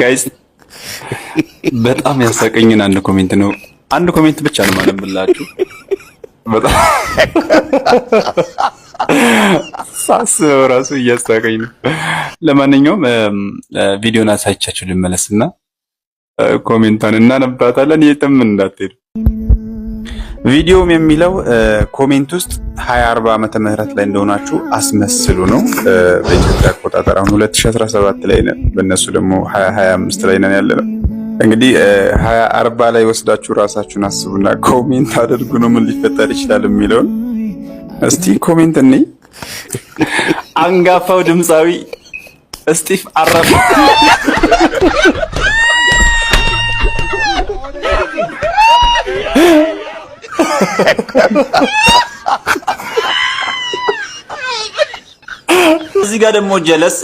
ጋይስ በጣም ያሳቀኝን አንድ ኮሜንት ነው። አንድ ኮሜንት ብቻ ነው ማለት ብላችሁ በጣም ሳስበው ራሱ እያሳቀኝ ነው። ለማንኛውም ቪዲዮን አሳይቻችሁ ልመለስና ኮሜንቷን እናነባታለን። የትም እንዳትሄዱ። ቪዲዮም የሚለው ኮሜንት ውስጥ 2040 ዓመተ ምህረት ላይ እንደሆናችሁ አስመስሉ ነው። በኢትዮጵያ አቆጣጠር አሁን 2017 ላይ ነን፣ በእነሱ ደግሞ 2025 ላይ ነን ያለ ነው። እንግዲህ 2040 ላይ ወስዳችሁ ራሳችሁን አስቡና ኮሜንት አድርጉ ነው ምን ሊፈጠር ይችላል የሚለውን እስቲ ኮሜንት እኔ አንጋፋው ድምፃዊ እስጢፍ አረፈ እዚህ ጋር ደግሞ ጀለስ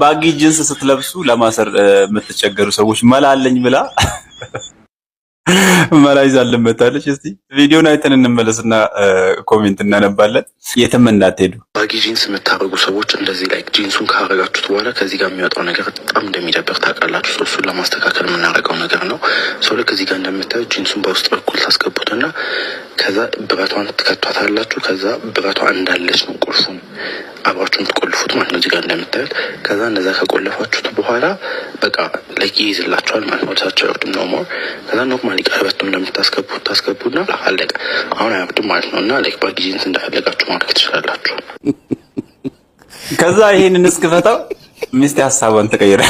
ባጊ ጅንስ ስትለብሱ ለማሰር የምትቸገሩ ሰዎች መላለኝ ብላ መላ ይዛልን እስቲ ቪዲዮን አይተን እንመለስና ኮሜንት እናነባለን። የትም እንዳትሄዱ። ባጊ ጂንስ የምታደርጉ ሰዎች እንደዚህ ላይ ጂንሱን ካረጋችሁት በኋላ ከዚህ ጋር የሚወጣው ነገር በጣም እንደሚደብር ታውቃላችሁ። እሱን ለማስተካከል የምናደርገው ነገር ነው። ሰው ልክ እዚህ ጋር እንደምታዩት ጂንሱን በውስጥ በኩል ታስገቡትና ከዛ ብረቷን ትከቷታላችሁ። ከዛ ብረቷ እንዳለች ነው ቁልፉን አብራችሁ ትቆልፉት ማለት ነው። እዚጋ እንደምታዩት ከዛ እንደዛ ከቆለፋችሁት በኋላ በቃ ለቂ ይይዝላችኋል ማለት ነው። ወደታቸው አይወርድም ነው ሞር ከዛ ኖርማሊ ቀለበቱን እንደምታስገቡት ታስገቡና አለቀ። አሁን አይወርድም ማለት ነው። እና ላይክ ባጊዜንስ እንዳፈለጋችሁ ማድረግ ትችላላችሁ። ከዛ ይሄንን እስክፈታው ሚስቴ ሀሳቧን ተቀይረ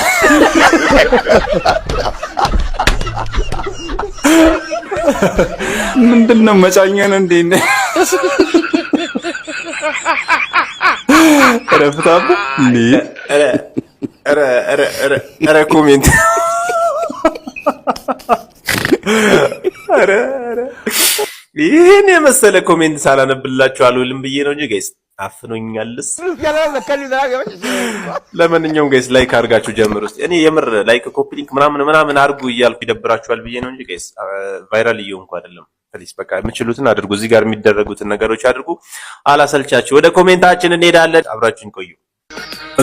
ምንድን ነው መጫኛን እንዴ? ረፍታብ ረ ኮሜንት ይህን የመሰለ ኮሜንት ሳላነብላችሁ አልውልም ብዬ ነው እንጂ ጋይስ አፍኖኛልስ። ለማንኛውም ጋይስ ላይክ አድርጋችሁ ጀምር ውስጥ እኔ የምር ላይክ ኮፒ ሊንክ ምናምን ምናምን አድርጉ እያልኩ ይደብራችኋል ብዬ ነው እንጂ ጋይስ ቫይራል እየሆንኩ አይደለም። ፕሊስ በቃ የምችሉትን አድርጉ። እዚህ ጋር የሚደረጉትን ነገሮች አድርጉ። አላሰልቻችሁ። ወደ ኮሜንታችን እንሄዳለን። አብራችን ቆዩ።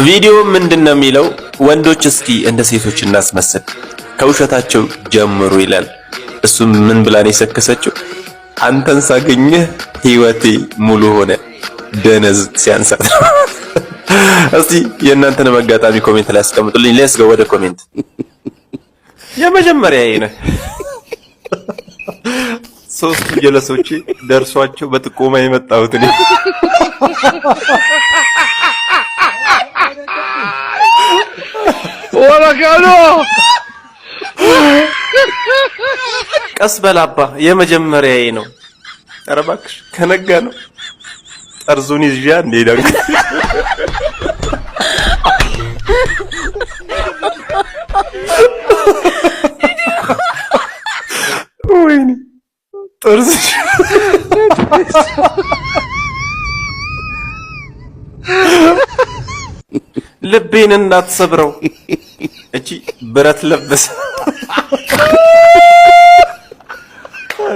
ቪዲዮ ምንድን ነው የሚለው? ወንዶች እስኪ እንደ ሴቶች እናስመስል ከውሸታቸው ጀምሩ ይላል። እሱም ምን ብላን የሰከሰችው አንተን ሳገኘህ ህይወቴ ሙሉ ሆነ ደነዝ ሲያንሳት ነው። እስቲ የእናንተንም አጋጣሚ ኮሜንት ላይ አስቀምጡልኝ። ሌስ ወደ ኮሜንት የመጀመሪያ ይሄ ነው። ሶስቱ ጀለሶች ደርሷቸው በጥቆማ የመጣሁት እኔ ወላካሎ ቀስ በላባ የመጀመሪያዬ ነው። ኧረ እባክሽ ከነጋ ነው ጠርዙን ይዤ እንደሄዳግ ወይኔ ጥርስ ልቤን እንዳትሰብረው እቺ ብረት ለበሰ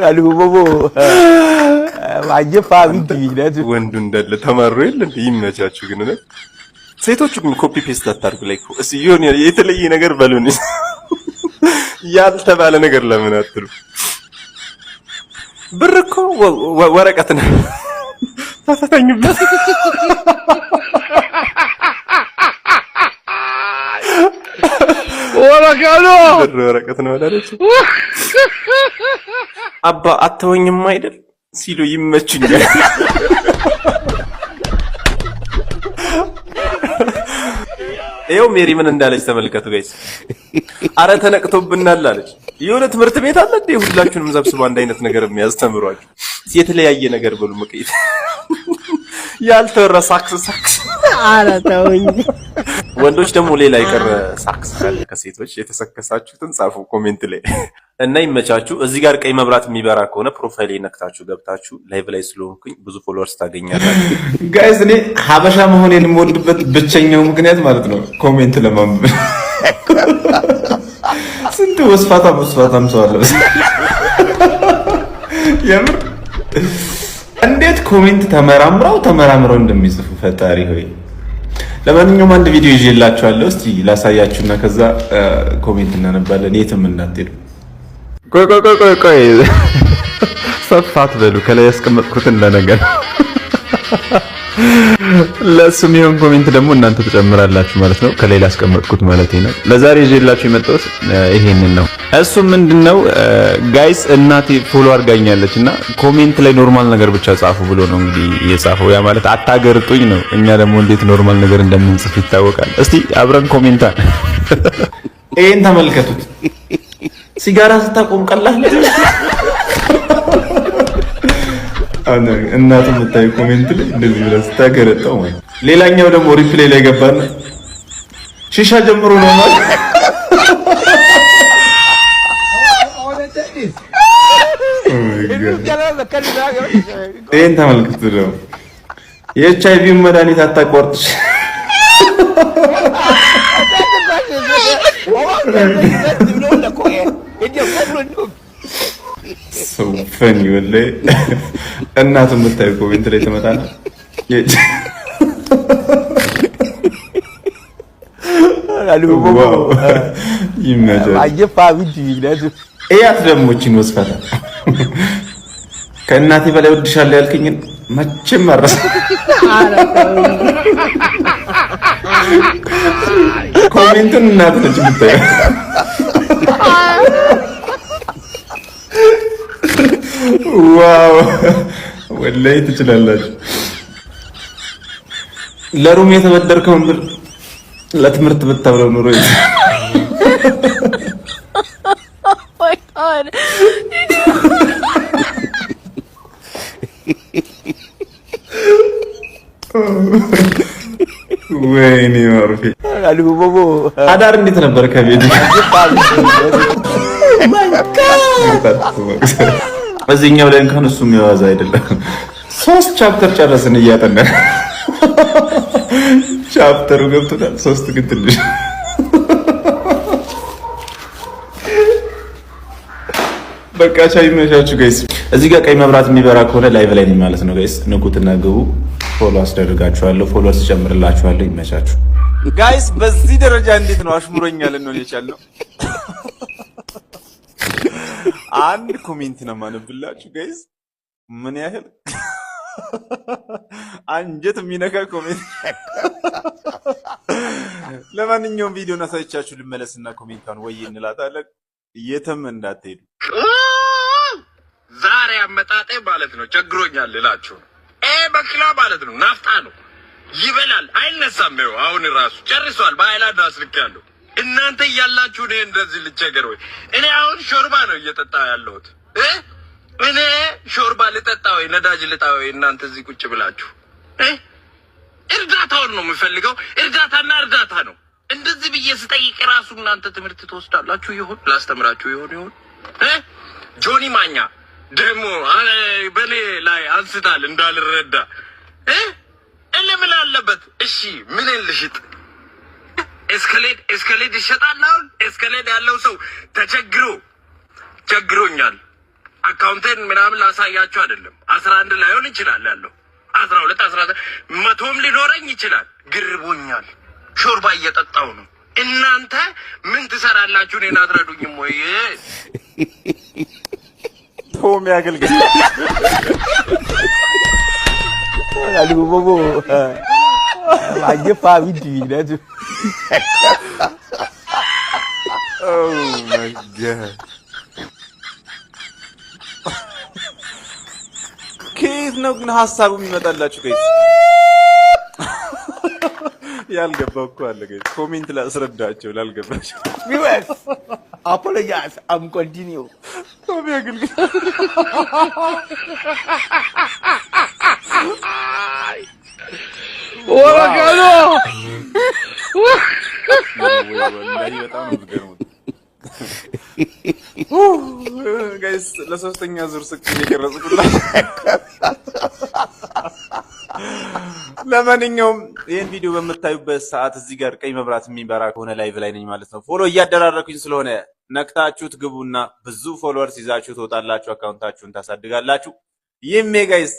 አልቦቦ ማየፋ እንዲነት ወንዱ እንዳለ ተማሩ የለ እንዴ? ይመቻችሁ። ግን ነው ሴቶቹ ግን ኮፒ ፔስት አታርጉ። ላይ እሱ የተለየ ነገር በሉን፣ ያልተባለ ነገር ለምን አትሉ? ብር እኮ ወረቀት ነው፣ ተፈተኙበት። ብር ወረቀት ነው አላለች። አባ አተወኝም አይደል ሲሉ ይመችኛል። ይኸው ሜሪ ምን እንዳለች ተመልከቱ ጋይስ። አረ ተነቅቶብናል አለች። የሆነ ትምህርት ቤት አለ እንዴ? ሁላችሁንም ሰብስቦ አንድ አይነት ነገር የሚያስተምሯችሁ የተለያየ ነገር ብሉ መቀየት ያልተወራ ሳክስ ሳክስ። ኧረ ተውኝ። ወንዶች ደግሞ ሌላ ይቀር ሳክስ ካለ ከሴቶች የተሰከሳችሁትን ጻፉ ኮሜንት ላይ እና ይመቻችሁ። እዚህ ጋር ቀይ መብራት የሚበራ ከሆነ ፕሮፋይል ነክታችሁ ገብታችሁ ላይቭ ላይ ስለሆንኩኝ ብዙ ፎሎወርስ ታገኛላችሁ። ጋይዝ እኔ ሀበሻ መሆን የምወድበት ብቸኛው ምክንያት ማለት ነው ኮሜንት ለማንበብ ስንት ወስፋታም ወስፋታም ሰው አለ። የምር እንዴት ኮሜንት ተመራምረው ተመራምረው እንደሚጽፉ ፈጣሪ ሆይ። ለማንኛውም አንድ ቪዲዮ ይዤላችኋለሁ። እስቲ ላሳያችሁና ከዛ ኮሜንት እናነባለን። የትም እንዳትሄዱ። ቆይ ቆይ ቆይ ቆይ ቆይ ሰፋት በሉ ከላይ ያስቀመጥኩትን ለነገር ለሱ የሚሆን ኮሜንት ደግሞ እናንተ ትጨምራላችሁ ማለት ነው። ከሌላ አስቀመጥኩት ማለት ነው። ለዛሬ ይዤላችሁ የመጣሁት ይሄንን ነው። እሱ ምንድነው ጋይስ፣ እናቴ ፎሎ አድርጋኛለች እና ኮሜንት ላይ ኖርማል ነገር ብቻ ጻፉ ብሎ ነው እንግዲህ የጻፈው። ያ ማለት አታገርጡኝ ነው። እኛ ደግሞ እንዴት ኖርማል ነገር እንደምንጽፍ ይታወቃል። እስቲ አብረን ኮሜንታ ይሄን ተመልከቱት። ሲጋራ ስታቆም ቀላል እናት የምታይ ኮሜንት ላይ እንደዚህ ብለህ ስታገረጠው ወይ ሌላኛው ደግሞ ሪፕሌይ ላይ ገባና ሺሻ ጀምሮ ነው ማለት ይህን ተመልክት ነው። የኤች አይ ቪ መድኃኒት አታቋርጥሽ። ሰው ፈን ይወለ እናቱ የምታይ ኮሜንት ላይ ትመጣና እያት ከእናቴ በላይ ወድሻለሁ ያልክኝን መቼም ኮሜንቱን እናት ነች የምታየው። ዋው ወላሂ ትችላላችሁ። ለሩም የተበደርከውን ብር ለትምህርት ብታውለው ኑሮ ወይኔ ማርፊ አዳር እንዴት ነበር? ከቤት በዚህኛው ላይ እንኳን እሱ የሚያዋዝ አይደለም። ሶስት ቻፕተር ጨረስን እያጠናን ቻፕተሩ ገብቶታል። ሶስት ግን ትንሽ በቃ ቻይ መሻችሁ ጋይስ። እዚህ ጋር ቀይ መብራት የሚበራ ከሆነ ላይቭ ላይ ነው ማለት ነው ጋይስ። ንቁትና ግቡ። ፎሎ አስደርጋችኋለሁ፣ ፎሎ አስጨምርላችኋለሁ። ይመቻችሁ ጋይስ። በዚህ ደረጃ እንዴት ነው አሽሙረኛል ነው የቻለው አንድ ኮሜንት ነው ማነብላችሁ ጋይዝ። ምን ያህል አንጀት የሚነካ ኮሜንት። ለማንኛውም ቪዲዮን አሳይቻችሁ ልመለስና ኮሜንቷን ወይ እንላታለን። የትም እንዳትሄዱ። ዛሬ አመጣጤ ማለት ነው ቸግሮኛል እላችሁ በክላ ማለት ነው ናፍጣ ነው ይበላል፣ አይነሳም። ይኸው አሁን ራሱ ጨርሷል። በሀይላንድ አስልክ ያለው እናንተ እያላችሁ እኔ እንደዚህ ልቸገር ወይ? እኔ አሁን ሾርባ ነው እየጠጣ ያለሁት። እኔ ሾርባ ልጠጣ ወይ ነዳጅ ልጣ ወይ? እናንተ እዚህ ቁጭ ብላችሁ እርዳታውን ነው የምፈልገው። እርዳታና እርዳታ ነው። እንደዚህ ብዬ ስጠይቅ ራሱ እናንተ ትምህርት ትወስዳላችሁ ይሆን? ላስተምራችሁ ይሆን ይሆን? ጆኒ ማኛ ደግሞ በኔ ላይ አንስታል እንዳልረዳ። እልምል አለበት። እሺ ምን ልሽጥ እስከሌድ እስከሌድ ይሸጣል። አሁን እስከሌድ ያለው ሰው ተቸግሮ ቸግሮኛል አካውንቴን ምናምን ላሳያቸው አይደለም። አስራ አንድ ላይሆን ይችላል ያለው አስራ ሁለት አስራ መቶም ሊኖረኝ ይችላል። ግርቦኛል፣ ሾርባ እየጠጣው ነው። እናንተ ምን ትሰራላችሁ? እኔን አትረዱኝም ወይ? ቶም ያገልግል wàá jẹ́ fáwọn ìdìrì náà Oh my God. ከየት ነው ግን ሀሳቡ የሚመጣላችሁ? ከየት ያልገባ እኮ አለ። ኮሜንት ላስረዳቸው ላልገባቸው አፖሎጃይዝ አም ኮንቲኒው ለሶስተኛ ዙር ስክ የቀረጽኩላችሁ። ለማንኛውም ይህን ቪዲዮ በምታዩበት ሰዓት እዚህ ጋር ቀይ መብራት የሚበራ ከሆነ ላይቭ ላይ ነኝ ማለት ነው። ፎሎ እያደራረኩኝ ስለሆነ ነክታችሁት ግቡና ብዙ ፎሎወርስ ይዛችሁ ትወጣላችሁ፣ አካውንታችሁን ታሳድጋላችሁ። ይህም ጋይስ